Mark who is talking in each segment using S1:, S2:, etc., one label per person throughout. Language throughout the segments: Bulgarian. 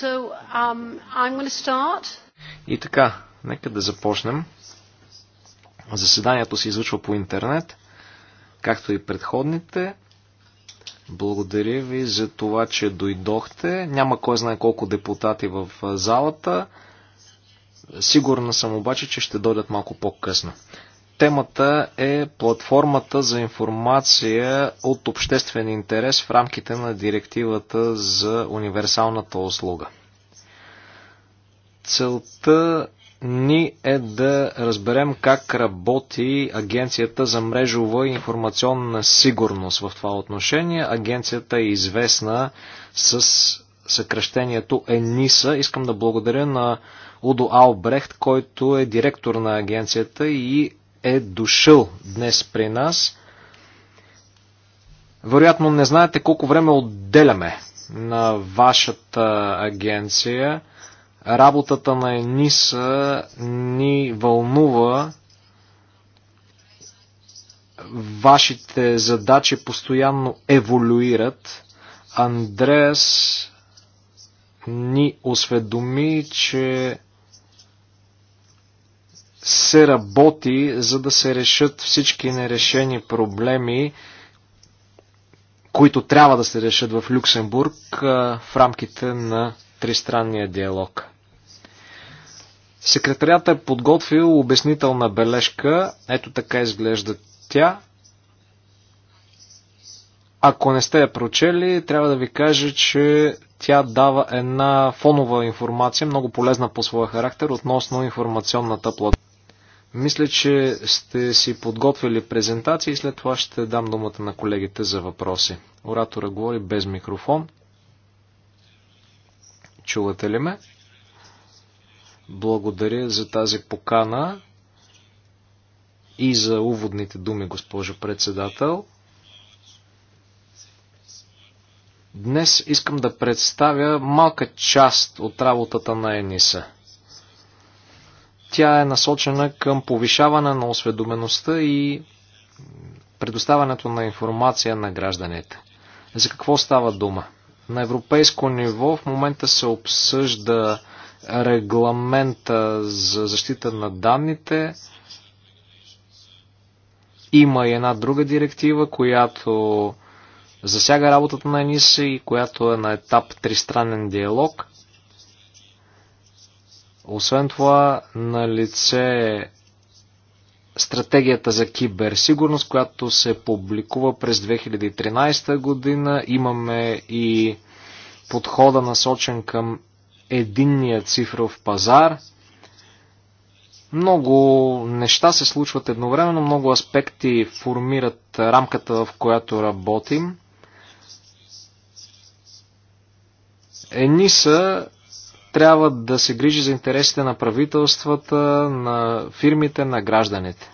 S1: So, um, I'm going to start.
S2: И така, нека да започнем. Заседанието се излъчва по интернет, както и предходните. Благодаря ви за това, че дойдохте. Няма кой знае колко депутати в залата. Сигурна съм обаче, че ще дойдат малко по-късно. Темата е платформата за информация от обществен интерес в рамките на директивата за универсалната услуга. Целта ни е да разберем как работи Агенцията за мрежова и информационна сигурност в това отношение. Агенцията е известна с съкръщението ЕНИСА. Искам да благодаря на Удо Албрехт, който е директор на агенцията и е дошъл днес при нас. Вероятно не знаете колко време отделяме на вашата агенция. Работата на ЕНИСА ни вълнува вашите задачи постоянно еволюират. Андреас ни осведоми, че се работи, за да се решат всички нерешени проблеми, които трябва да се решат в Люксембург в рамките на тристранния диалог. Секретарията е подготвил обяснителна бележка. Ето така изглежда тя. Ако не сте я прочели, трябва да ви кажа, че тя дава една фонова информация, много полезна по своя характер, относно информационната платформа. Мисля, че сте си подготвили презентация и след това ще дам думата на колегите за въпроси. Оратора говори без микрофон. Чувате ли ме? Благодаря за тази покана и за уводните думи, госпожо председател. Днес искам да представя малка част от работата на Ениса. Тя е насочена към повишаване на осведомеността и предоставянето на информация на гражданите. За какво става дума? На европейско ниво в момента се обсъжда регламента за защита на данните. Има и една друга директива, която засяга работата на ЕНИСА и която е на етап тристранен диалог. Освен това, на лице е стратегията за киберсигурност, която се публикува през 2013 година. Имаме и подхода насочен към единния цифров пазар. Много неща се случват едновременно, много аспекти формират рамката, в която работим. Едни са трябва да се грижи за интересите на правителствата, на фирмите, на гражданите.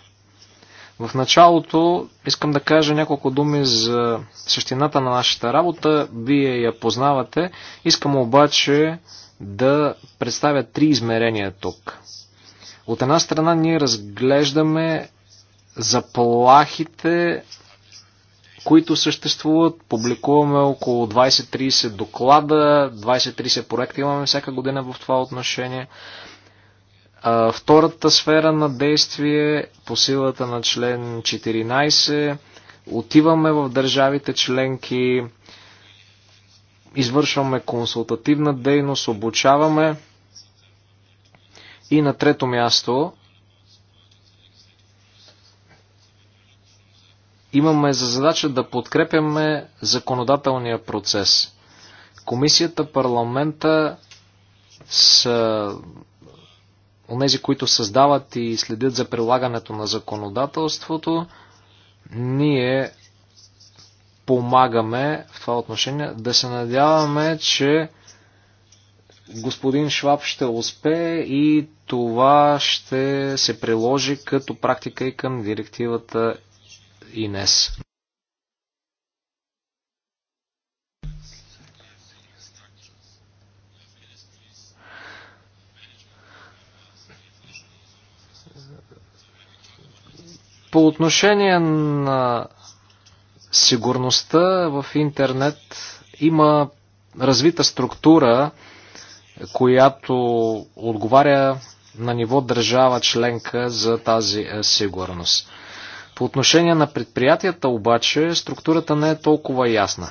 S2: В началото искам да кажа няколко думи за същината на нашата работа. Вие я познавате. Искам обаче да представя три измерения тук. От една страна ние разглеждаме заплахите които съществуват. Публикуваме около 20-30 доклада, 20-30 проекта имаме всяка година в това отношение. Втората сфера на действие по силата на член 14 отиваме в държавите членки, извършваме консултативна дейност, обучаваме и на трето място имаме за задача да подкрепяме законодателния процес. Комисията, парламента са онези, които създават и следят за прилагането на законодателството. Ние помагаме в това отношение. Да се надяваме, че господин Шваб ще успее и това ще се приложи като практика и към директивата днес. По отношение на сигурността в интернет има развита структура, която отговаря на ниво държава членка за тази е, сигурност. По отношение на предприятията обаче структурата не е толкова ясна.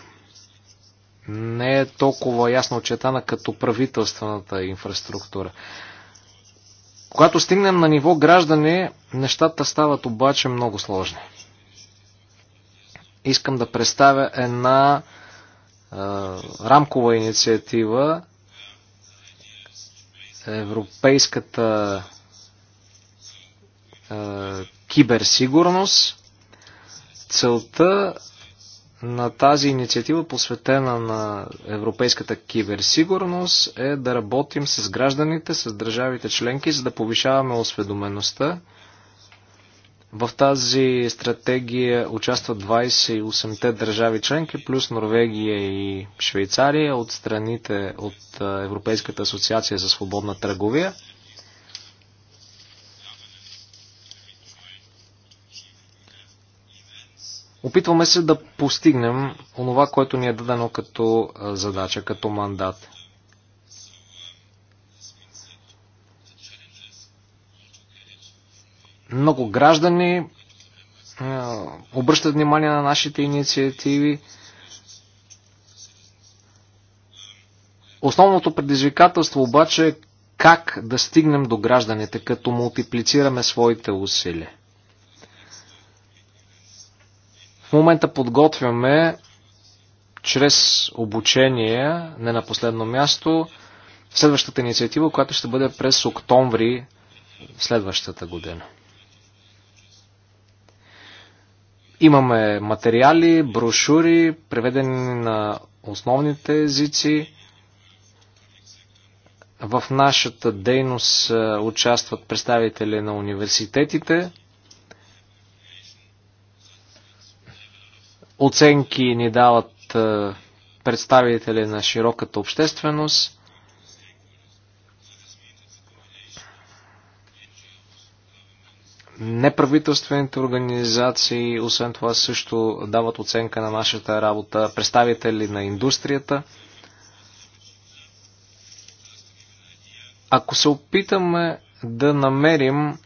S2: Не е толкова ясно очетана като правителствената инфраструктура. Когато стигнем на ниво граждани, нещата стават обаче много сложни. Искам да представя една е, рамкова инициатива Европейската е, киберсигурност. Целта на тази инициатива, посветена на европейската киберсигурност, е да работим с гражданите, с държавите членки, за да повишаваме осведомеността. В тази стратегия участват 28-те държави членки, плюс Норвегия и Швейцария от страните от Европейската асоциация за свободна търговия. Опитваме се да постигнем онова, което ни е дадено като задача, като мандат. Много граждани обръщат внимание на нашите инициативи. Основното предизвикателство обаче е как да стигнем до гражданите, като мултиплицираме своите усилия. В момента подготвяме чрез обучение, не на последно място, следващата инициатива, която ще бъде през октомври следващата година. Имаме материали, брошури, преведени на основните езици. В нашата дейност е, участват представители на университетите, оценки ни дават е, представители на широката общественост. Неправителствените организации, освен това, също дават оценка на нашата работа, представители на индустрията. Ако се опитаме да намерим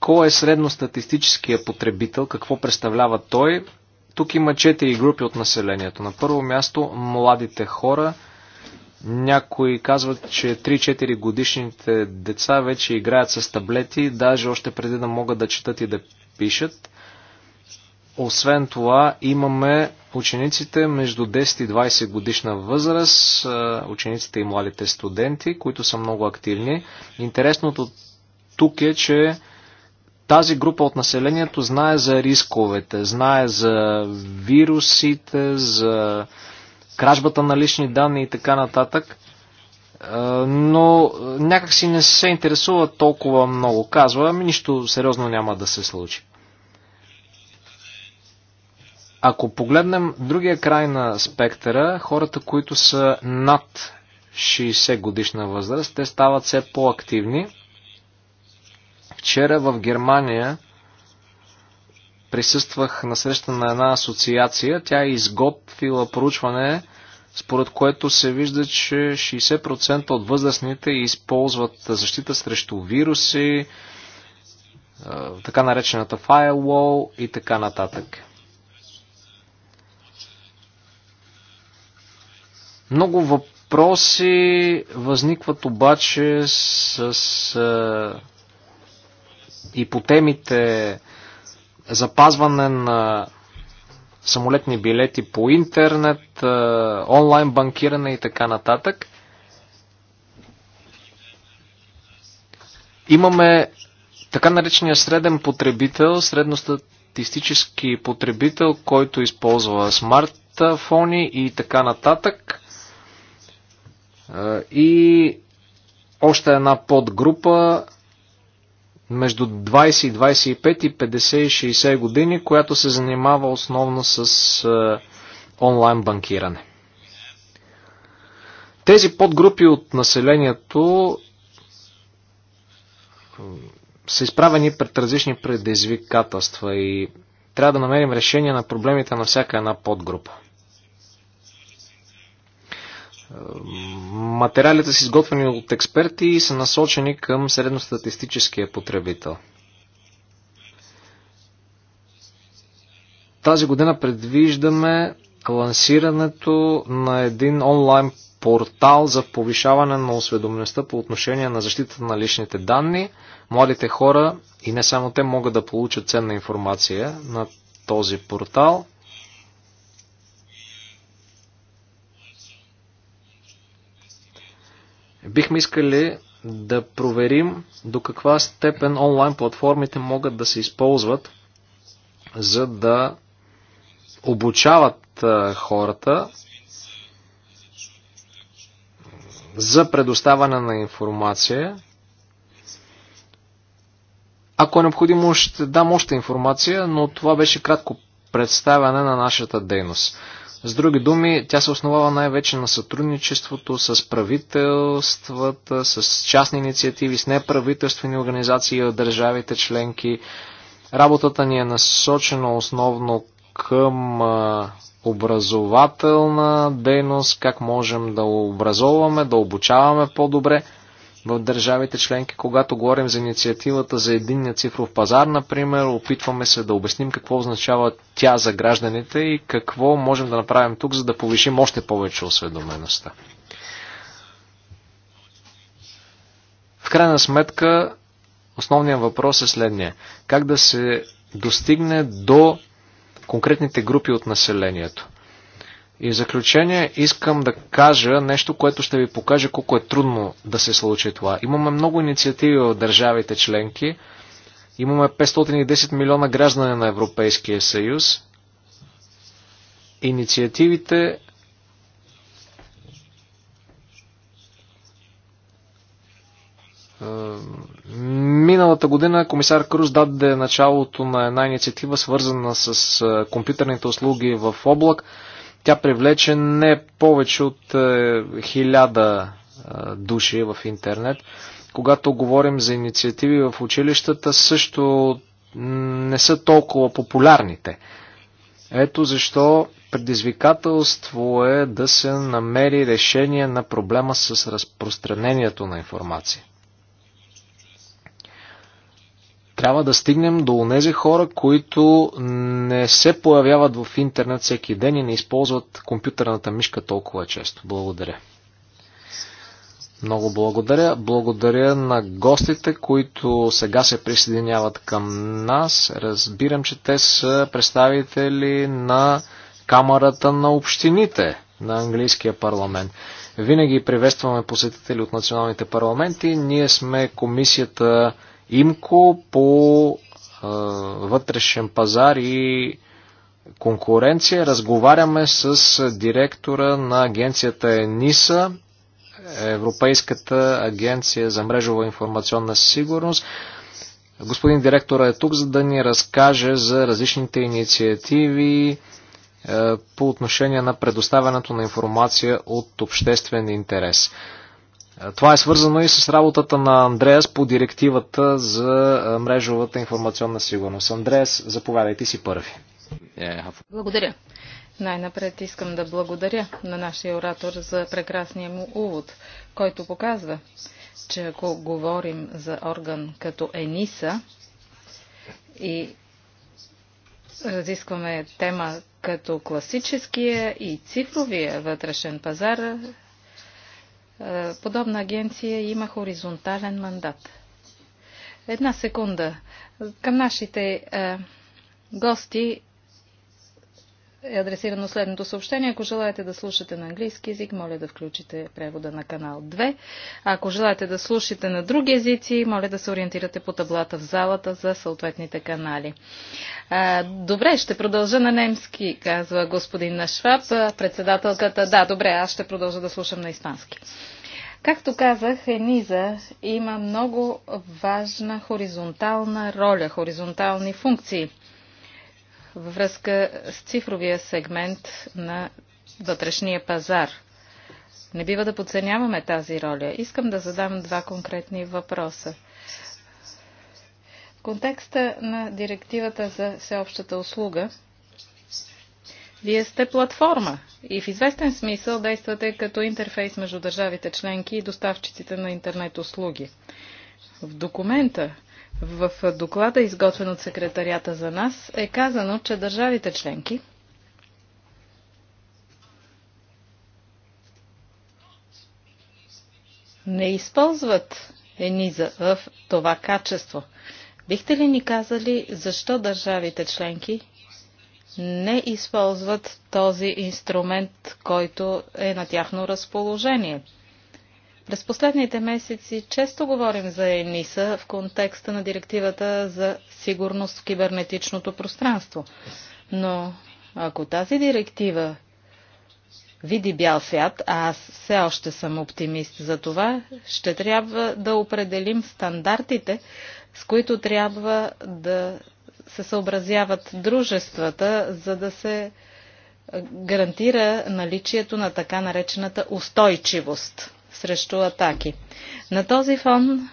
S2: кой е средностатистическия потребител, какво представлява той, тук има четири групи от населението. На първо място младите хора. Някои казват, че 3-4 годишните деца вече играят с таблети, даже още преди да могат да четат и да пишат. Освен това, имаме учениците между 10 и 20 годишна възраст, учениците и младите студенти, които са много активни. Интересното тук е, че тази група от населението знае за рисковете, знае за вирусите, за кражбата на лични данни и така нататък е, но някак си не се интересува толкова много. Казва, ами нищо сериозно няма да се случи. Ако погледнем другия край на спектъра, хората, които са над 60 годишна възраст, те стават все по-активни. Вчера в Германия присъствах на среща на една асоциация. Тя е изготвила проучване, според което се вижда, че 60% от възрастните използват защита срещу вируси, е, така наречената firewall и така нататък. Много въпроси възникват обаче с е, и по темите запазване на самолетни билети по интернет, онлайн банкиране и така нататък. Имаме така наречения среден потребител, средностатистически потребител, който използва смартфони и така нататък. И още една подгрупа между 20 и 25 и 50 и 60 години, която се занимава основно с е, онлайн банкиране. Тези подгрупи от населението са изправени пред различни предизвикателства и трябва да намерим решение на проблемите на всяка една подгрупа. Материалите са изготвени от експерти и са насочени към средностатистическия потребител. Тази година предвиждаме лансирането на един онлайн портал за повишаване на осведомеността по отношение на защита на личните данни. Младите хора и не само те могат да получат ценна информация на този портал – Бихме искали да проверим до каква степен онлайн платформите могат да се използват, за да обучават хората за предоставяне на информация. Ако е необходимо, ще дам още информация, но това беше кратко представяне на нашата дейност. С други думи, тя се основава най-вече на сътрудничеството с правителствата, с частни инициативи, с неправителствени организации от държавите членки. Работата ни е насочена основно към образователна дейност, как можем да образоваме, да обучаваме по-добре – в държавите членки, когато говорим за инициативата за единния цифров пазар, например, опитваме се да обясним какво означава тя за гражданите и какво можем да направим тук, за да повишим още повече осведомеността. В крайна сметка, основният въпрос е следния. Как да се достигне до конкретните групи от населението? И в заключение искам да кажа нещо, което ще ви покаже колко е трудно да се случи това. Имаме много инициативи в държавите членки. Имаме 510 милиона граждани на Европейския съюз. Инициативите Миналата година комисар Круз даде началото на една инициатива, свързана с компютърните услуги в облак. Тя привлече не повече от е, хиляда е, души в интернет. Когато говорим за инициативи в училищата, също не са толкова популярните. Ето защо предизвикателство е да се намери решение на проблема с разпространението на информация. Трябва да стигнем до онези хора, които не се появяват в интернет всеки ден и не използват компютърната мишка толкова често. Благодаря. Много благодаря. Благодаря на гостите, които сега се присъединяват към нас. Разбирам, че те са представители на Камерата на общините на английския парламент. Винаги приветстваме посетители от националните парламенти. Ние сме комисията ИМКО по а, вътрешен пазар и конкуренция. Разговаряме с директора на агенцията ЕНИСА, Европейската агенция за мрежова информационна сигурност. Господин директора е тук, за да ни разкаже за различните инициативи е, по отношение на предоставянето на информация от обществен интерес. Това е свързано и с работата на Андреас по директивата за мрежовата информационна сигурност. Андреас, заповядайте си първи.
S1: Благодаря. Най-напред искам да благодаря на нашия оратор за прекрасния му увод, който показва, че ако говорим за орган като ЕНИСА и разискваме тема като класическия и цифровия вътрешен пазар, е, подобна агенция има хоризонтален мандат. Една секунда. Към нашите е, гости е адресирано следното съобщение. Ако желаете да слушате на английски язик, моля да включите превода на канал 2. ако желаете да слушате на други езици, моля да се ориентирате по таблата в залата за съответните канали. А, добре, ще продължа на немски, казва господин Нашваб, председателката. Да, добре, аз ще продължа да слушам на испански. Както казах, Ениза има много важна хоризонтална роля, хоризонтални функции – във връзка с цифровия сегмент на вътрешния пазар. Не бива да подценяваме тази роля. Искам да задам два конкретни въпроса. В контекста на директивата за всеобщата услуга, вие сте платформа и в известен смисъл действате като интерфейс между държавите членки и доставчиците на интернет услуги. В документа, в доклада, изготвен от секретарията за нас, е казано, че държавите членки не използват Ениза в това качество. Бихте ли ни казали защо държавите членки не използват този инструмент, който е на тяхно разположение? През последните месеци често говорим за ЕНИСА в контекста на директивата за сигурност в кибернетичното пространство. Но ако тази директива види бял свят, а аз все още съм оптимист за това, ще трябва да определим стандартите, с които трябва да се съобразяват дружествата, за да се гарантира наличието на така наречената устойчивост срещу атаки. На този фон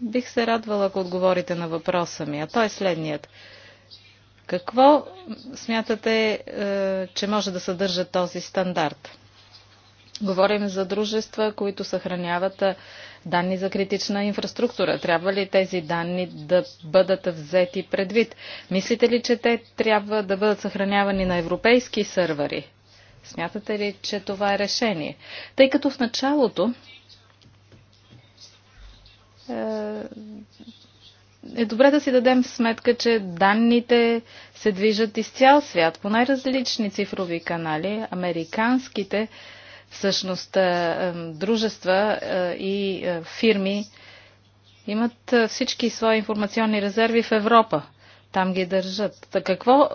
S1: бих се радвала, ако отговорите на въпроса ми, а той е следният. Какво смятате, е, че може да съдържа този стандарт? Говорим за дружества, които съхраняват е, данни за критична инфраструктура. Трябва ли тези данни да бъдат взети предвид? Мислите ли, че те трябва да бъдат съхранявани на европейски сървъри? Смятате ли, че това е решение? Тъй като в началото е, е добре да си дадем сметка, че данните се движат из цял свят по най-различни цифрови канали. Американските всъщност е, е, дружества и фирми имат всички свои информационни резерви в Европа. Там ги държат. Та какво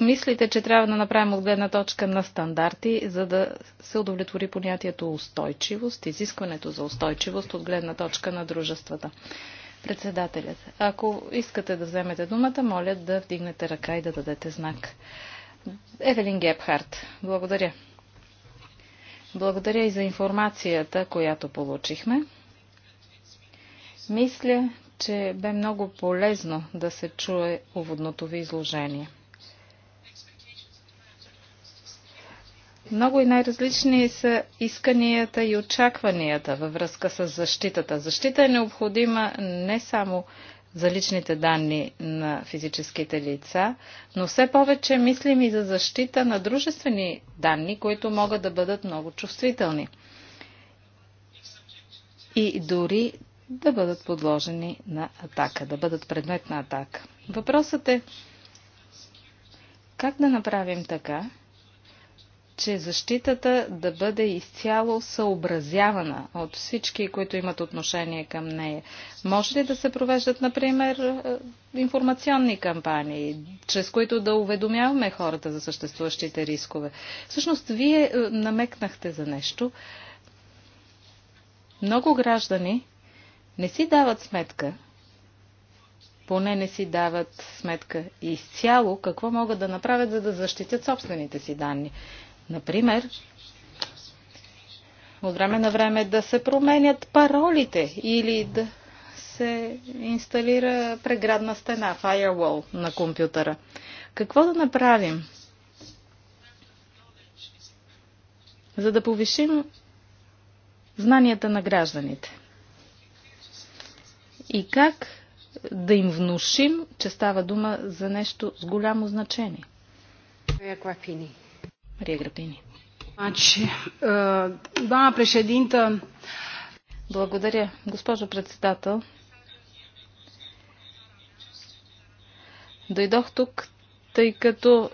S1: мислите, че трябва да направим от гледна точка на стандарти, за да се удовлетвори понятието устойчивост, изискването за устойчивост от гледна точка на дружествата? Председателят, ако искате да вземете думата, моля да вдигнете ръка и да дадете знак. Евелин Гепхарт, благодаря. Благодаря и за информацията, която получихме. Мисля, че бе много полезно да се чуе уводното ви изложение. Много и най-различни са исканията и очакванията във връзка с защитата. Защита е необходима не само за личните данни на физическите лица, но все повече мислим и за защита на дружествени данни, които могат да бъдат много чувствителни и дори да бъдат подложени на атака, да бъдат предмет на атака. Въпросът е как да направим така, че защитата да бъде изцяло съобразявана от всички, които имат отношение към нея. Може ли да се провеждат, например, е, информационни кампании, чрез които да уведомяваме хората за съществуващите рискове? Всъщност, вие е, намекнахте за нещо. Много граждани не си дават сметка, поне не си дават сметка изцяло какво могат да направят, за да защитят собствените си данни. Например, от време на време да се променят паролите или да се инсталира преградна стена, firewall на компютъра. Какво да направим? За да повишим знанията на гражданите. И как да им внушим, че става дума за нещо с голямо значение. Maria Грабини. Doamna președintă, Благодаря, госпожо председател. Дойдох тук, тъй като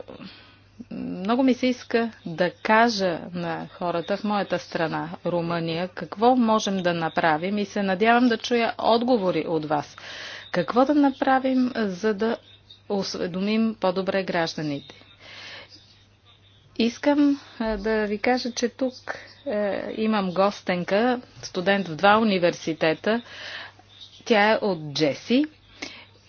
S1: много ми се иска да кажа на хората в моята страна, Румъния, какво можем да направим и се надявам да чуя отговори от вас. Какво да направим, за да осведомим по-добре гражданите? Искам да ви кажа, че тук е, имам гостенка, студент в два университета. Тя е от Джеси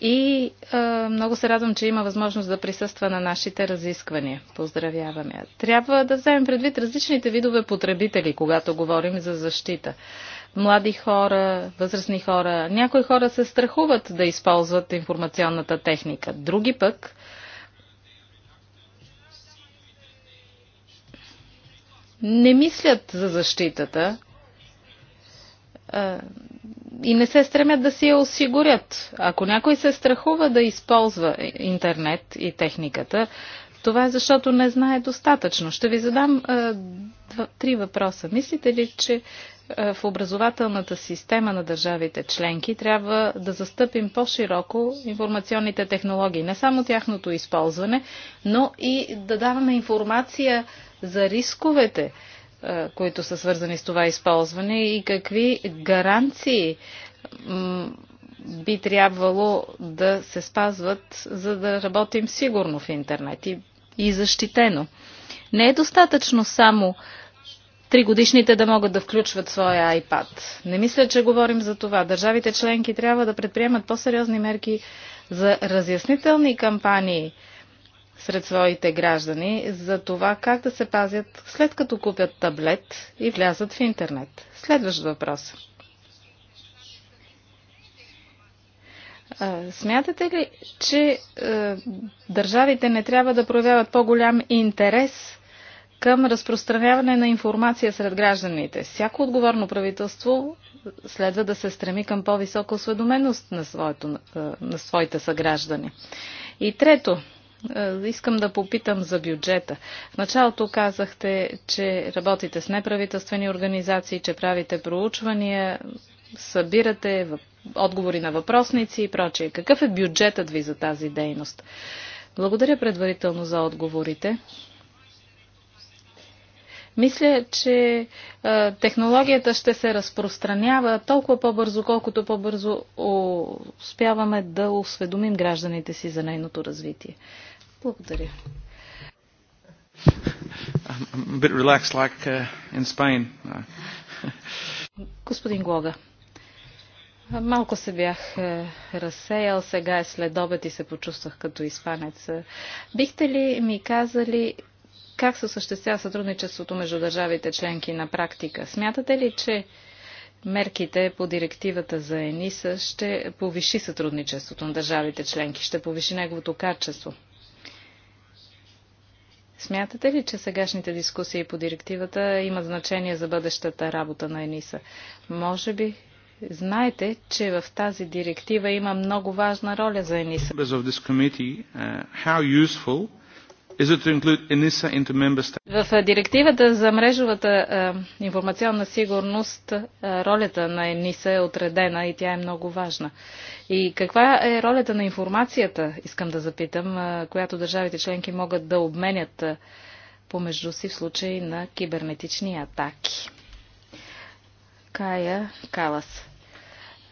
S1: и е, много се радвам, че има възможност да присъства на нашите разисквания. Поздравяваме я. Трябва да вземем предвид различните видове потребители, когато говорим за защита. Млади хора, възрастни хора, някои хора се страхуват да използват информационната техника, други пък не мислят за защитата и не се стремят да си я осигурят. Ако някой се страхува да използва интернет и техниката, това е защото не знае достатъчно. Ще ви задам а, два, три въпроса. Мислите ли, че а, в образователната система на държавите членки трябва да застъпим по-широко информационните технологии? Не само тяхното използване, но и да даваме информация за рисковете, а, които са свързани с това използване и какви гаранции би трябвало да се спазват, за да работим сигурно в интернет. И и защитено. Не е достатъчно само тригодишните да могат да включват своя iPad. Не мисля, че говорим за това. Държавите членки трябва да предприемат по-сериозни мерки за разяснителни кампании сред своите граждани за това как да се пазят след като купят таблет и влязат в интернет. Следващ въпрос. Смятате ли, че е, държавите не трябва да проявяват по-голям интерес към разпространяване на информация сред гражданите? Всяко отговорно правителство следва да се стреми към по-висока осведоменост на, своето, е, на своите съграждани. И трето, е, Искам да попитам за бюджета. В началото казахте, че работите с неправителствени организации, че правите проучвания, събирате отговори на въпросници и прочие. Какъв е бюджетът ви за тази дейност? Благодаря предварително за отговорите. Мисля, че е, технологията ще се разпространява толкова по-бързо, колкото по-бързо успяваме да осведомим гражданите си за нейното развитие. Благодаря. Like, uh, Господин Глога. Малко се бях е, разсеял, сега е след обед и се почувствах като испанец. Бихте ли ми казали как се осъществява сътрудничеството между държавите членки на практика? Смятате ли, че мерките по директивата за ЕНИСА ще повиши сътрудничеството на държавите членки, ще повиши неговото качество? Смятате ли, че сегашните дискусии по директивата имат значение за бъдещата работа на ЕНИСА? Може би Знаете, че в тази директива има много важна роля за ЕНИСА.
S3: Uh,
S1: в директивата за мрежовата информационна сигурност ролята на ЕНИСА е отредена и тя е много важна. И каква е ролята на информацията, искам да запитам, която държавите членки могат да обменят помежду си в случай на кибернетични атаки? Кая Калас.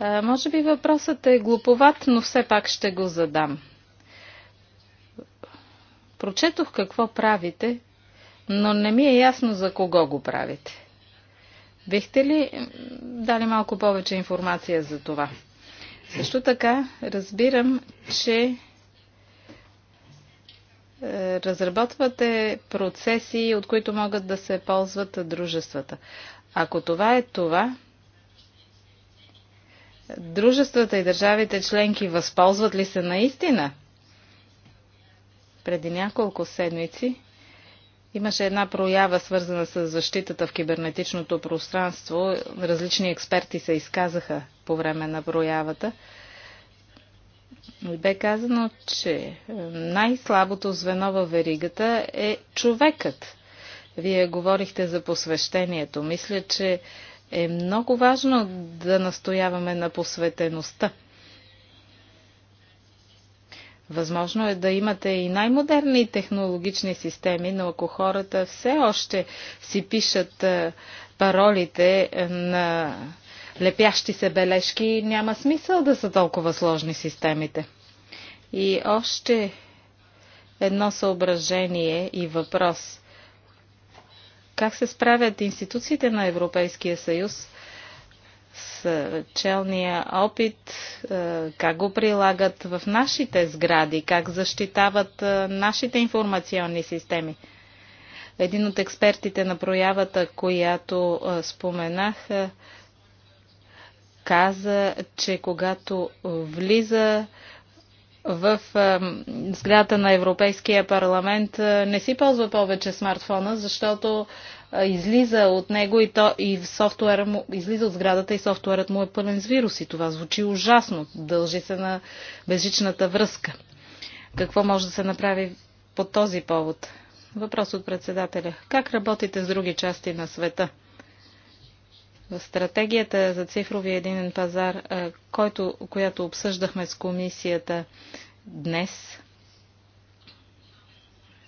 S1: А, може би въпросът е глуповат, но все пак ще го задам. Прочетох какво правите, но не ми е ясно за кого го правите. Бихте ли дали малко повече информация за това? Също така разбирам, че е, разработвате процеси, от които могат да се ползват дружествата. Ако това е това, дружествата и държавите членки възползват ли се наистина? Преди няколко седмици имаше една проява, свързана с защитата в кибернетичното пространство. Различни експерти се изказаха по време на проявата. Бе казано, че най-слабото звено във веригата е човекът. Вие говорихте за посвещението. Мисля, че е много важно да настояваме на посветеността. Възможно е да имате и най-модерни технологични системи, но ако хората все още си пишат е, паролите е, на лепящи се бележки, няма смисъл да са толкова сложни системите. И още едно съображение и въпрос. Как се справят институциите на Европейския съюз с челния опит, е, как го прилагат в нашите сгради, как защитават е, нашите информационни системи? Един от експертите на проявата, която е, споменах, каза, че когато влиза в сградата на Европейския парламент не си ползва повече смартфона, защото излиза от него и, то, и софтуера му, излиза от сградата и софтуерът му е пълен с вируси. Това звучи ужасно. Дължи се на безжичната връзка. Какво може да се направи по този повод? Въпрос от председателя. Как работите с други части на света? Стратегията за цифровия единен пазар, който, която обсъждахме с комисията днес,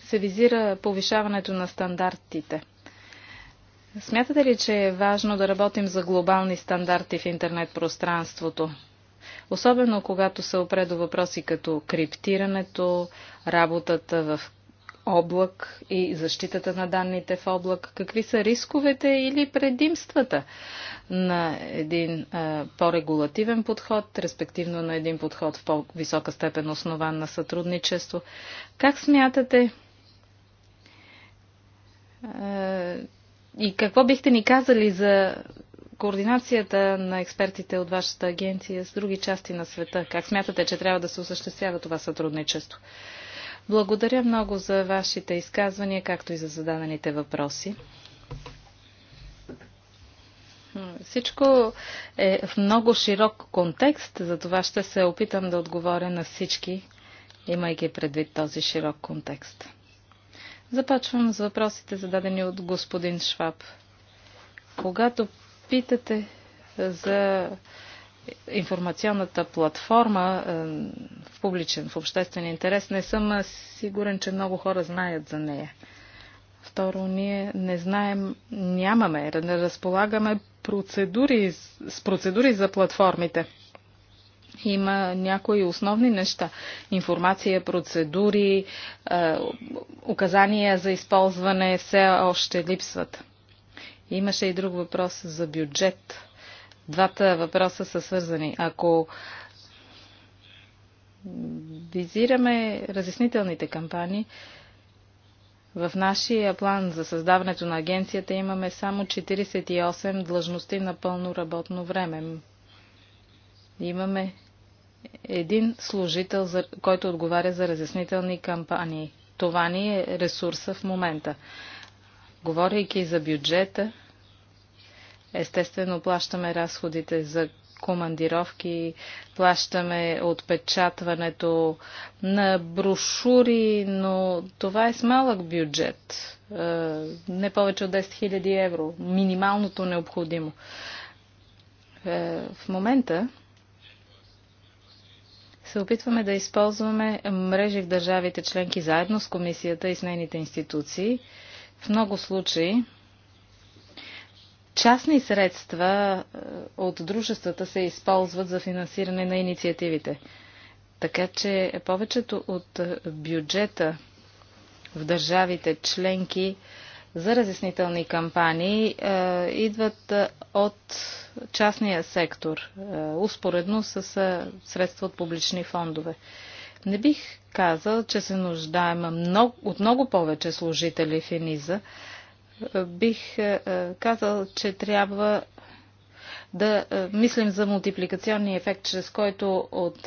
S1: се визира повишаването на стандартите. Смятате ли, че е важно да работим за глобални стандарти в интернет пространството? Особено когато се опре до въпроси като криптирането, работата в облак и защитата на данните в облак? Какви са рисковете или предимствата на един по-регулативен подход, респективно на един подход в по-висока степен основан на сътрудничество? Как смятате и какво бихте ни казали за координацията на експертите от вашата агенция с други части на света? Как смятате, че трябва да се осъществява това сътрудничество? Благодаря много за вашите изказвания, както и за зададените въпроси. Всичко е в много широк контекст, затова ще се опитам да отговоря на всички, имайки предвид този широк контекст. Започвам с въпросите, зададени от господин Шваб. Когато питате за информационната платформа е, в публичен, в обществен интерес, не съм сигурен, че много хора знаят за нея. Второ, ние не знаем, нямаме, не разполагаме процедури, с процедури за платформите. Има някои основни неща. Информация, процедури, е, указания за използване все още липсват. Имаше и друг въпрос за бюджет Двата въпроса са свързани. Ако визираме разяснителните кампании, в нашия план за създаването на агенцията имаме само 48 длъжности на пълно работно време. Имаме един служител, който отговаря за разяснителни кампании. Това ни е ресурса в момента. Говорейки за бюджета, Естествено, плащаме разходите за командировки, плащаме отпечатването на брошури, но това е с малък бюджет. Е, не повече от 10 000 евро. Минималното необходимо. Е, в момента се опитваме да използваме мрежи в държавите членки заедно с комисията и с нейните институции. В много случаи частни средства е, от дружествата се използват за финансиране на инициативите. Така че повечето от е, бюджета в държавите членки за разяснителни кампании е, идват е, от частния сектор, е, успоредно с е, средства от публични фондове. Не бих казал, че се нуждаем много, от много повече служители в ЕНИЗА, бих е, е, казал, че трябва да е, мислим за мултипликационния ефект, чрез който от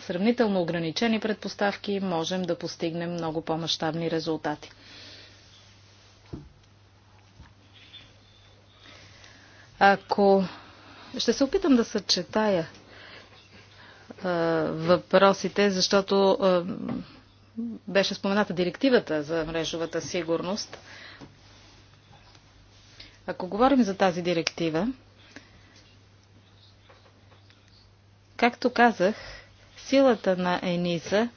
S1: сравнително ограничени предпоставки можем да постигнем много по-масштабни резултати. Ако ще се опитам да съчетая а, въпросите, защото а, беше спомената директивата за мрежовата сигурност. Ако говорим за тази директива, както казах, силата на ЕНИСА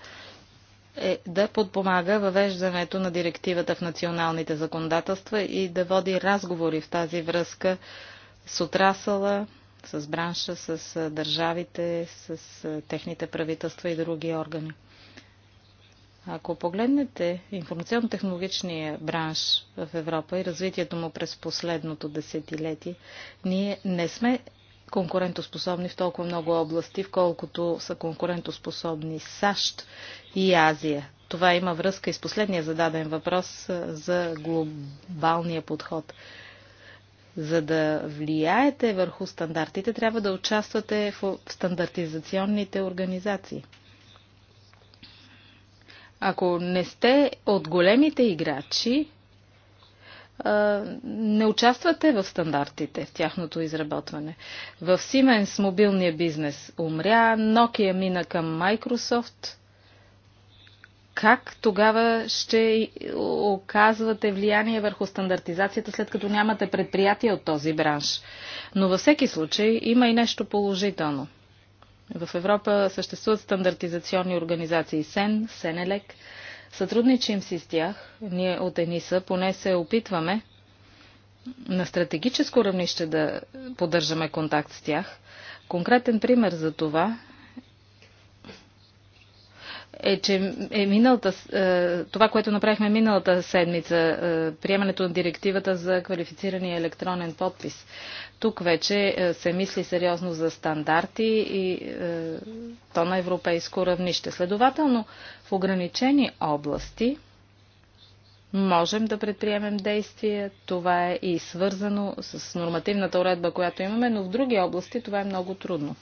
S1: е да подпомага въвеждането на директивата в националните законодателства и да води разговори в тази връзка с отрасъла, с бранша, с държавите, с техните правителства и други органи. Ако погледнете информационно-технологичния бранш в Европа и развитието му през последното десетилетие, ние не сме конкурентоспособни в толкова много области, в колкото са конкурентоспособни САЩ и Азия. Това има връзка и с последния зададен въпрос за глобалния подход. За да влияете върху стандартите, трябва да участвате в стандартизационните организации – ако не сте от големите играчи, не участвате в стандартите, в тяхното изработване. В Siemens мобилния бизнес умря, Nokia мина към Microsoft. Как тогава ще оказвате влияние върху стандартизацията, след като нямате предприятия от този бранш? Но във всеки случай има и нещо положително. В Европа съществуват стандартизационни организации СЕН, СЕНЕЛЕК. Сътрудничим си с тях. Ние от ЕНИСА поне се опитваме на стратегическо равнище да поддържаме контакт с тях. Конкретен пример за това е, че е миналата, е, това, което направихме миналата седмица, е, приемането на директивата за квалифицирания електронен подпис. Тук вече е, се мисли сериозно за стандарти и то на европейско равнище. Следователно, в ограничени области можем да предприемем действия. Това е и свързано с нормативната уредба, която имаме, но в други области това е много трудно.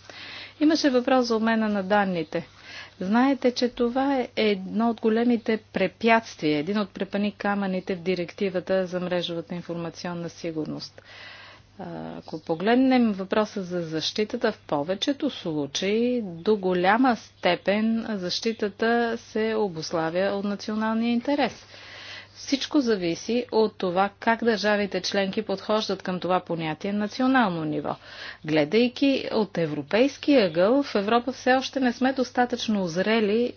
S1: Имаше въпрос за обмена на данните. Знаете, че това е едно от големите препятствия, един от препани камъните в директивата за мрежовата информационна сигурност. Ако погледнем въпроса за защитата, в повечето случаи до голяма степен защитата се обославя от националния интерес. Всичко зависи от това как държавите членки подхождат към това понятие национално ниво. Гледайки от европейския ъгъл, в Европа все още не сме достатъчно озрели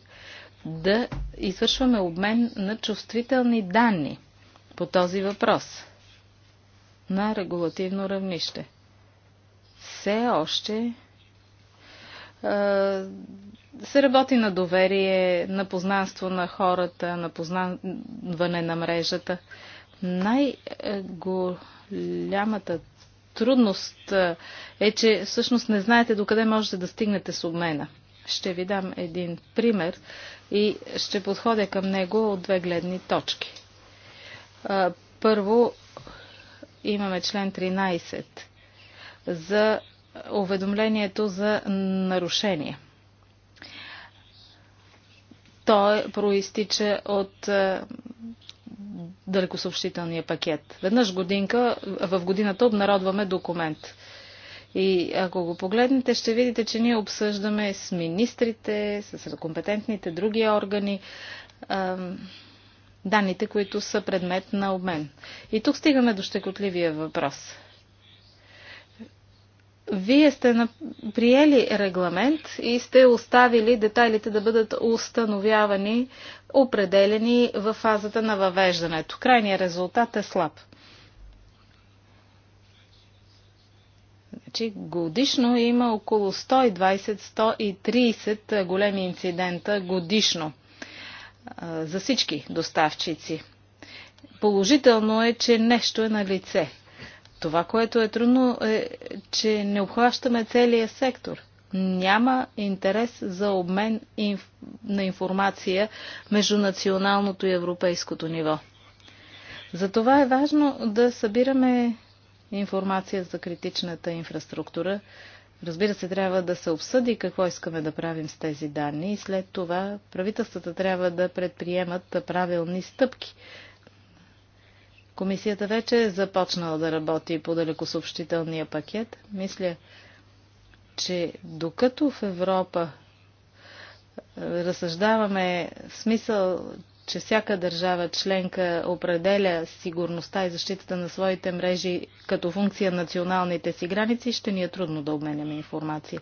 S1: да извършваме обмен на чувствителни данни по този въпрос на регулативно равнище. Все още се работи на доверие, на познанство на хората, на познаване на мрежата. Най-голямата трудност е, че всъщност не знаете докъде можете да стигнете с обмена. Ще ви дам един пример и ще подходя към него от две гледни точки. Първо, имаме член 13 за уведомлението за нарушение – той проистича от е, далекосъобщителния пакет. Веднъж годинка, в годината обнародваме документ. И ако го погледнете, ще видите, че ние обсъждаме с министрите, с компетентните други органи данните, които са предмет на обмен. И тук стигаме до щекотливия въпрос – вие сте приели регламент и сте оставили детайлите да бъдат установявани, определени в фазата на въвеждането. Крайният резултат е слаб. Значи годишно има около 120-130 големи инцидента годишно за всички доставчици. Положително е, че нещо е на лице. Това, което е трудно е, че не обхващаме целия сектор. Няма интерес за обмен на информация между националното и европейското ниво. Затова е важно да събираме информация за критичната инфраструктура. Разбира се, трябва да се обсъди какво искаме да правим с тези данни и след това правителствата трябва да предприемат правилни стъпки Комисията вече е започнала да работи по далекосъобщителния пакет. Мисля, че докато в Европа е, разсъждаваме в смисъл, че всяка държава членка определя сигурността и защитата на своите мрежи като функция националните си граници, ще ни е трудно да обменяме информация.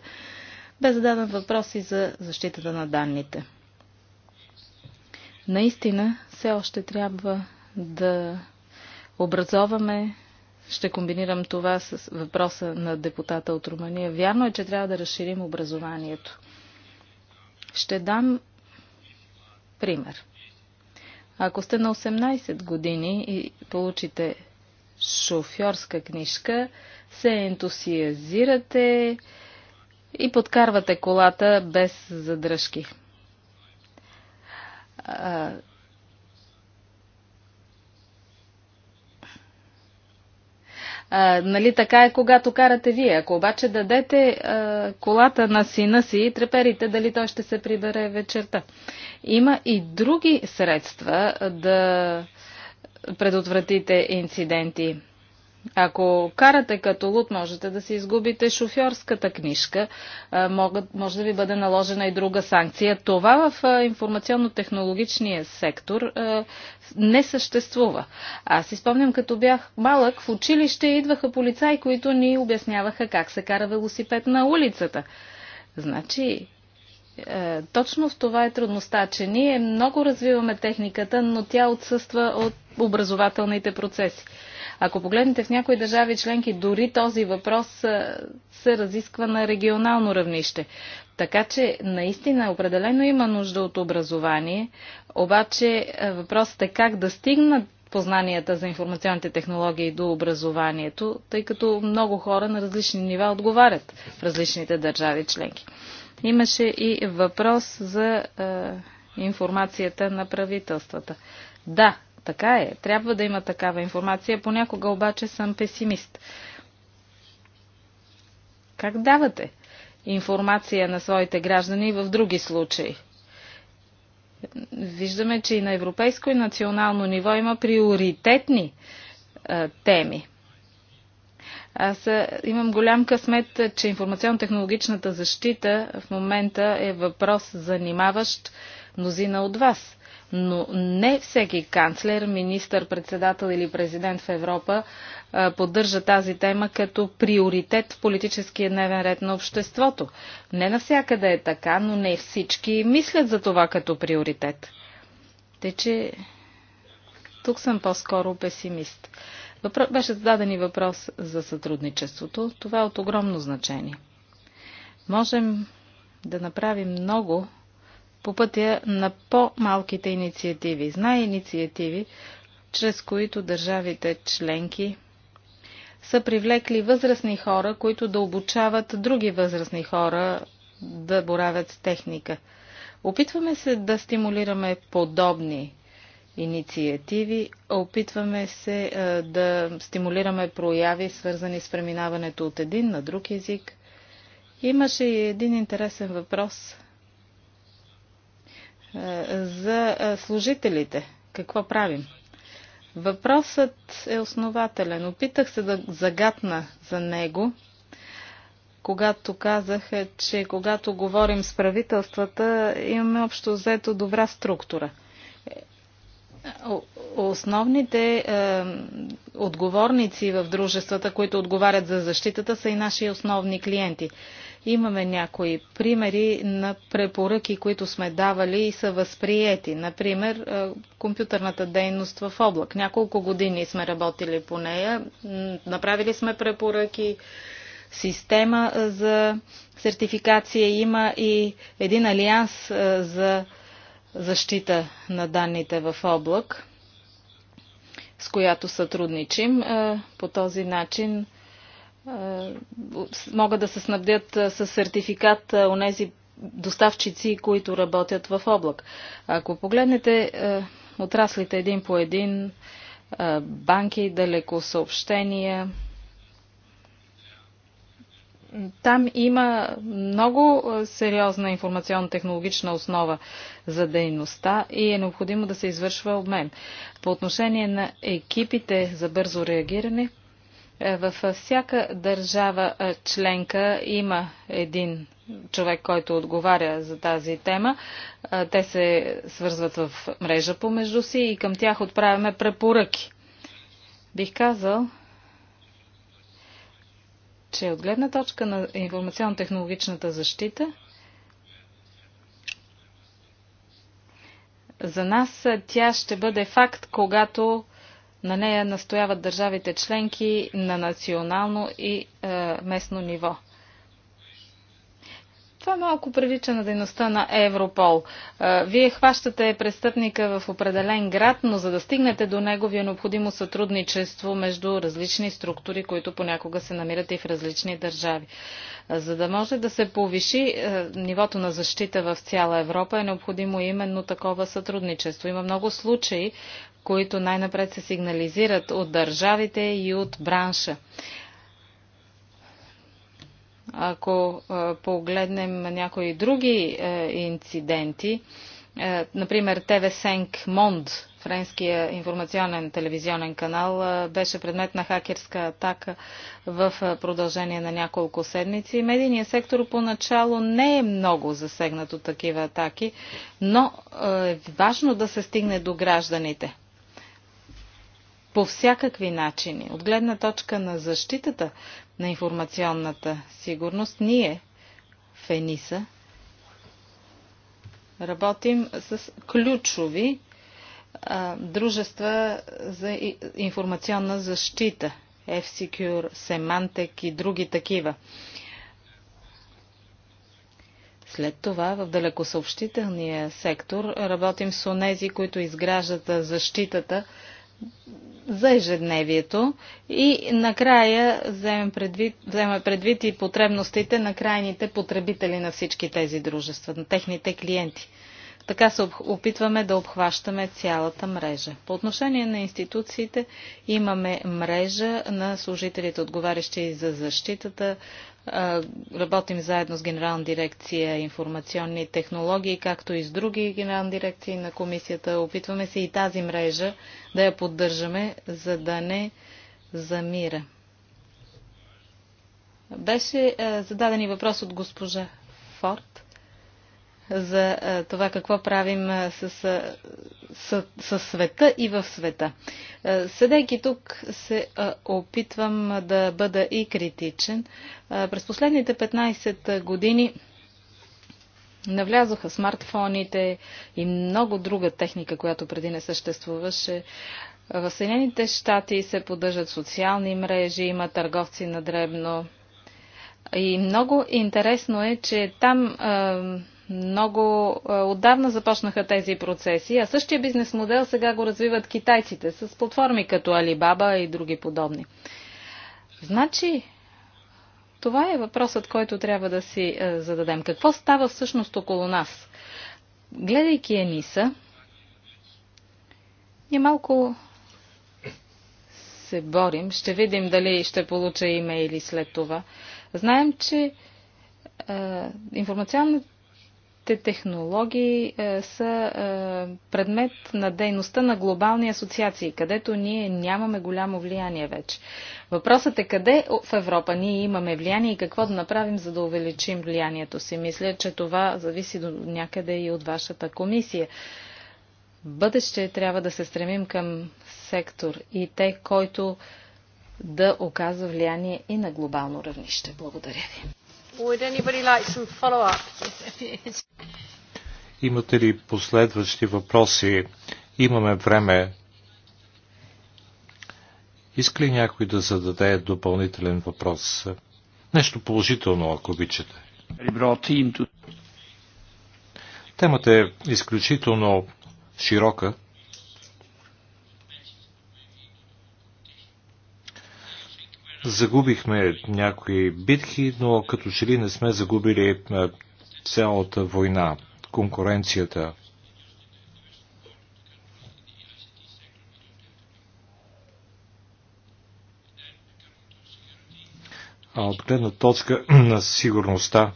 S1: Бе зададен въпрос и за защитата на данните. Наистина, все още трябва да образоваме. Ще комбинирам това с въпроса на депутата от Румъния. Вярно е, че трябва да разширим образованието. Ще дам пример. Ако сте на 18 години и получите шофьорска книжка, се ентусиазирате и подкарвате колата без задръжки. А, нали така е, когато карате вие. Ако обаче дадете а, колата на сина си и треперите, дали той ще се прибере вечерта. Има и други средства да предотвратите инциденти. Ако карате като лут, можете да си изгубите шофьорската книжка. Може да ви бъде наложена и друга санкция. Това в информационно-технологичния сектор не съществува. Аз си спомням, като бях малък, в училище идваха полицаи, които ни обясняваха как се кара велосипед на улицата. Значи, е, точно в това е трудността, че ние много развиваме техниката, но тя отсъства от образователните процеси. Ако погледнете в някои държави членки, дори този въпрос е, се разисква на регионално равнище. Така че наистина определено има нужда от образование, обаче е, въпросът е как да стигнат познанията за информационните технологии до образованието, тъй като много хора на различни нива отговарят в различните държави членки. Имаше и въпрос за е, информацията на правителствата. Да, така е. Трябва да има такава информация. Понякога обаче съм песимист. Как давате информация на своите граждани в други случаи? Виждаме, че и на европейско и национално ниво има приоритетни е, теми аз имам голям късмет, че информационно-технологичната защита в момента е въпрос занимаващ мнозина от вас. Но не всеки канцлер, министър, председател или президент в Европа поддържа тази тема като приоритет в политическия дневен ред на обществото. Не навсякъде е така, но не всички мислят за това като приоритет. Те, че тук съм по-скоро песимист. Въпро... Беше зададен и въпрос за сътрудничеството. Това е от огромно значение. Можем да направим много по пътя на по-малките инициативи. Знае инициативи, чрез които държавите членки са привлекли възрастни хора, които да обучават други възрастни хора да боравят с техника. Опитваме се да стимулираме подобни инициативи. Опитваме се да стимулираме прояви, свързани с преминаването от един на друг език. Имаше и един интересен въпрос за служителите. Какво правим? Въпросът е основателен. Опитах се да загатна за него, когато казах, е, че когато говорим с правителствата, имаме общо взето добра структура – основните е, отговорници в дружествата, които отговарят за защитата, са и наши основни клиенти. Имаме някои примери на препоръки, които сме давали и са възприети. Например, е, компютърната дейност в облак. Няколко години сме работили по нея. Направили сме препоръки система за сертификация. Има и един алианс е, за защита на данните в облак, с която сътрудничим. Е, по този начин е, могат да се снабдят е, с сертификат у нези доставчици, които работят в облак. Ако погледнете отраслите един по един, банки, далеко съобщения, там има много сериозна информационно-технологична основа за дейността и е необходимо да се извършва обмен. По отношение на екипите за бързо реагиране, във е, всяка държава членка има един човек, който отговаря за тази тема. Те се свързват в мрежа помежду си и към тях отправяме препоръки. Бих казал, че от гледна точка на информационно-технологичната защита, за нас тя ще бъде факт, когато на нея настояват държавите членки на национално и е, местно ниво. Това малко прилича на дейността на Европол. Е, вие хващате престъпника в определен град, но за да стигнете до него ви е необходимо сътрудничество между различни структури, които понякога се намират и в различни държави. Е, за да може да се повиши е, нивото на защита в цяла Европа е необходимо именно такова сътрудничество. Има много случаи, които най-напред се сигнализират от държавите и от бранша. Ако е, погледнем някои други е, инциденти, е, например ТВ Сенк Монд, френския информационен телевизионен канал, беше предмет на хакерска атака в продължение на няколко седмици. Медийният сектор поначало не е много засегнат от такива атаки, но е важно да се стигне до гражданите. По всякакви начини, от гледна точка на защитата на информационната сигурност, ние в ЕНИСА работим с ключови а, дружества за информационна защита, F-Secure, Semantec и други такива. След това в далекосъобщителния сектор работим с онези, които изграждат защитата за ежедневието и накрая вземем предвид, вземем предвид и потребностите на крайните потребители на всички тези дружества, на техните клиенти. Така се опитваме да обхващаме цялата мрежа. По отношение на институциите имаме мрежа на служителите, отговарящи за защитата. Работим заедно с Генерална дирекция информационни технологии, както и с други генерални дирекции на комисията. Опитваме се и тази мрежа да я поддържаме, за да не замира. Беше зададен и въпрос от госпожа Форд за това какво правим с, с, с света и в света. Седейки тук се опитвам да бъда и критичен. През последните 15 години навлязоха смартфоните и много друга техника, която преди не съществуваше. В Съединените щати се поддържат социални мрежи, има търговци на дребно. И много интересно е, че там много е, отдавна започнаха тези процеси, а същия бизнес модел сега го развиват китайците с платформи като Alibaba и други подобни. Значи, това е въпросът, който трябва да си е, зададем. Какво става всъщност около нас? Гледайки Ениса, ние малко се борим. Ще видим дали ще получа имейли след това. Знаем, че е, информационната Новите технологии е, са е, предмет на дейността на глобални асоциации, където ние нямаме голямо влияние вече. Въпросът е къде в Европа ние имаме влияние и какво да направим, за да увеличим влиянието си. Мисля, че това зависи до някъде и от вашата комисия бъдеще трябва да се стремим към сектор и те, който да оказва влияние и на глобално равнище. Благодаря ви. Would anybody like some follow-up?
S3: Имате ли последващи въпроси? Имаме време. Иска ли някой да зададе допълнителен въпрос? Нещо положително, ако обичате. Темата е изключително широка. Загубихме някои битки, но като че ли не сме загубили е, цялата война, конкуренцията. А от гледна точка на сигурността,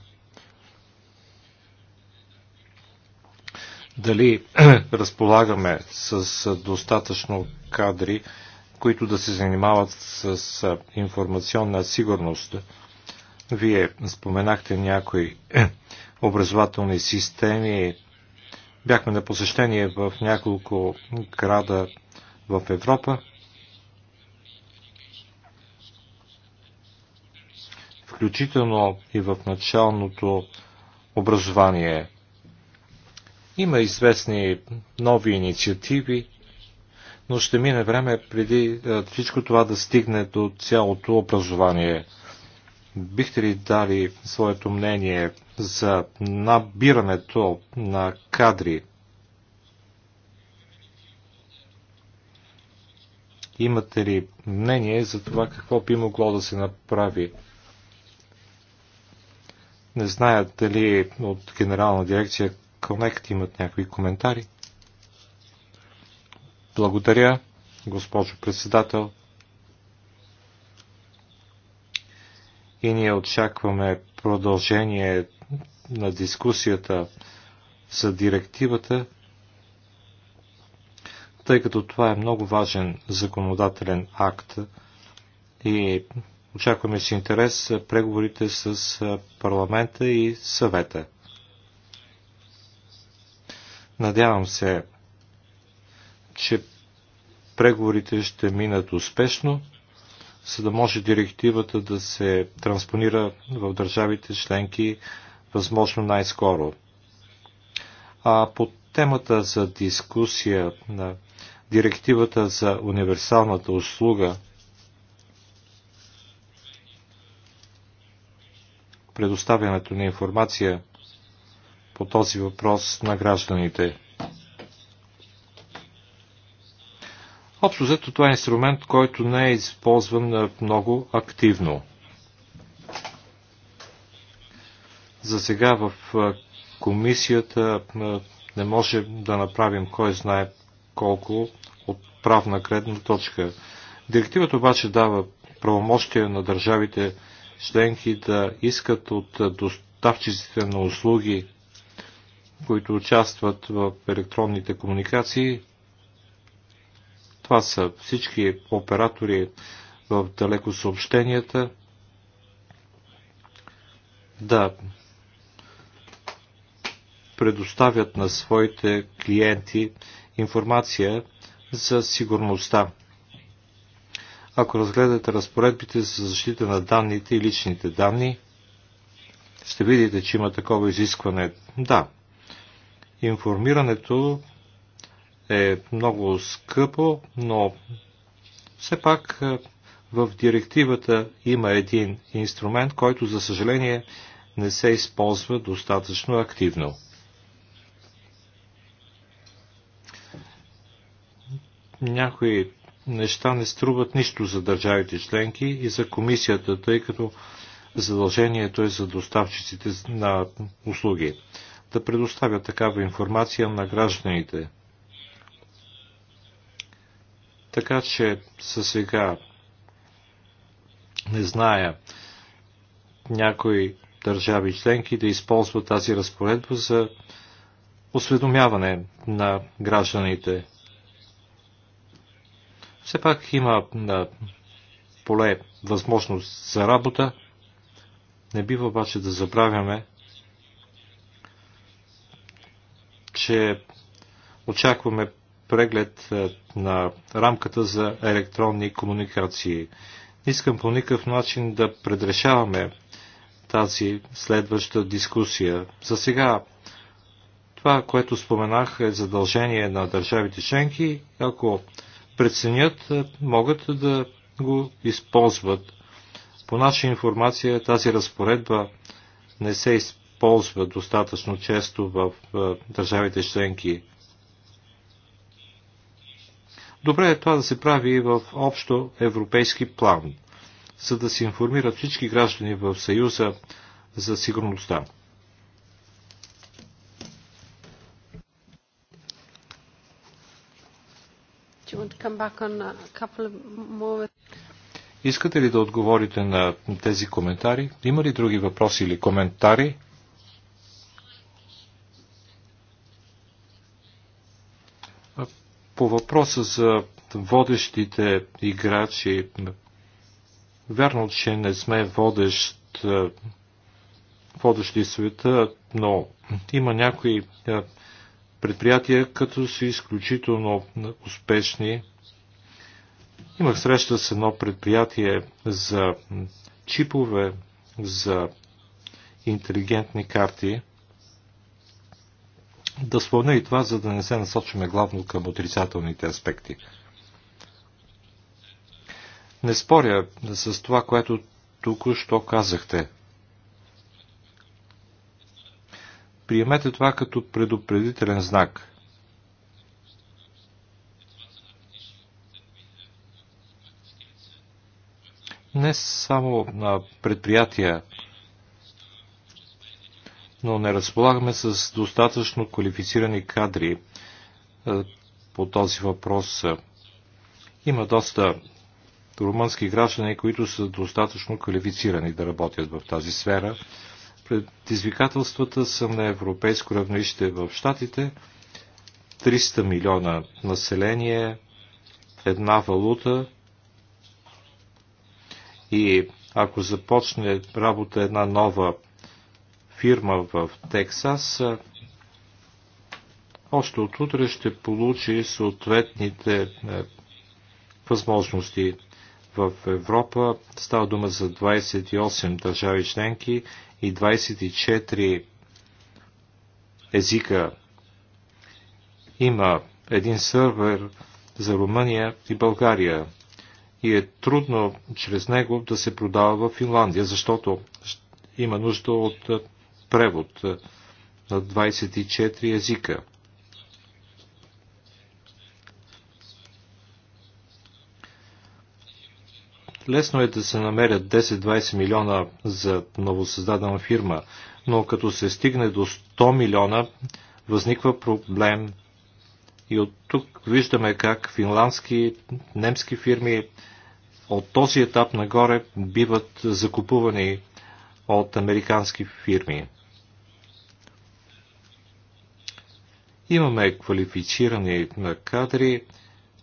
S3: дали разполагаме с достатъчно кадри, които да се занимават с информационна сигурност. Вие споменахте някои образователни системи. Бяхме на посещение в няколко града в Европа. Включително и в началното образование. Има известни нови инициативи, но ще мине време преди е, всичко това да стигне до цялото образование. Бихте ли дали своето мнение за набирането на кадри? Имате ли мнение за това какво би могло да се направи? Не знаят дали от Генерална дирекция Connect имат някакви коментари. Благодаря, госпожо председател. И ние очакваме продължение на дискусията за директивата, тъй като това е много важен законодателен акт и очакваме с интерес преговорите с парламента и съвета. Надявам се че преговорите ще минат успешно, за да може директивата да се транспонира в държавите членки възможно най-скоро. А по темата за дискусия на директивата за универсалната услуга предоставянето на информация по този въпрос на гражданите – Общо взето това е инструмент, който не е използван много активно. За сега в комисията не може да направим кой знае колко от правна гледна точка. Директивата обаче дава правомощия на държавите членки да искат от доставчиците на услуги, които участват в електронните комуникации, това са всички оператори в далеко съобщенията. Да, предоставят на своите клиенти информация за сигурността. Ако разгледате разпоредбите за защита на данните и личните данни, ще видите, че има такова изискване. Да, информирането е много скъпо, но все пак е, в директивата има един инструмент, който за съжаление не се използва достатъчно активно. Някои неща не струват нищо за държавите членки и за комисията, тъй като задължението е за доставчиците на услуги да предоставят такава информация на гражданите – така че за сега не зная някои държави членки да използват тази разпоредба за осведомяване на гражданите. Все пак има поле възможност за работа. Не бива обаче да забравяме, че очакваме преглед на рамката за електронни комуникации. Не искам по никакъв начин да предрешаваме тази следваща дискусия. За сега това, което споменах е задължение на държавите членки. Ако преценят, могат да го използват. По наша информация тази разпоредба не се използва достатъчно често в държавите членки. Добре е това да се прави и в общо европейски план, за да се информират всички граждани в Съюза за сигурността. Искате ли да отговорите на тези коментари? Има ли други въпроси или коментари? По въпроса за водещите играчи, вярно, че не сме водещ, е, водещи света, но има някои е, предприятия, като са изключително успешни. Имах среща с едно предприятие за чипове, за интелигентни карти да спомня и това, за да не се насочваме главно към отрицателните аспекти. Не споря с това, което току-що казахте. Приемете това като предупредителен знак. Не само на предприятия, но не разполагаме с достатъчно квалифицирани кадри е, по този въпрос. Има доста румънски граждани, които са достатъчно квалифицирани да работят в тази сфера. Предизвикателствата са на европейско равнище в Штатите. 300 милиона население, една валута и ако започне работа една нова фирма в Тексас още от утре ще получи съответните възможности в Европа. Става дума за 28 държави членки и 24 езика. Има един сървър за Румъния и България. И е трудно чрез него да се продава в Финландия, защото има нужда от превод на 24 езика. Лесно е да се намерят 10-20 милиона за новосъздадена фирма, но като се стигне до 100 милиона, възниква проблем. И от тук виждаме как финландски, немски фирми от този етап нагоре биват закупувани от американски фирми. Имаме квалифицирани на кадри,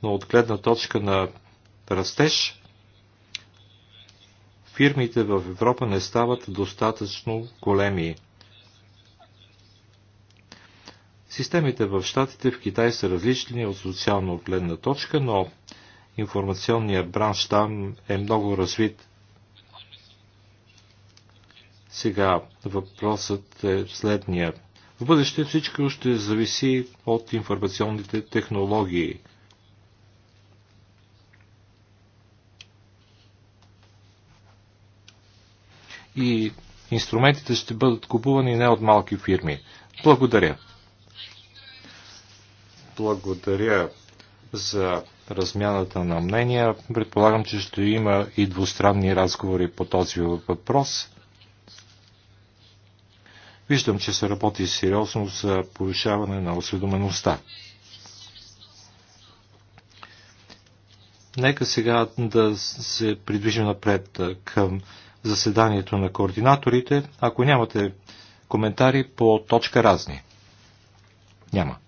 S3: но от гледна точка на растеж, фирмите в Европа не стават достатъчно големи. Системите в Штатите, в Китай са различни от социално гледна точка, но информационният бранш там е много развит. Сега въпросът е следния. В бъдеще всичко ще зависи от информационните технологии. И инструментите ще бъдат купувани не от малки фирми. Благодаря. Благодаря за размяната на мнения. Предполагам, че ще има и двустранни разговори по този въпрос. Виждам, че се работи сериозно за повишаване на осведомеността. Нека сега да се придвижим напред към заседанието на координаторите. Ако нямате коментари по точка разни. Няма.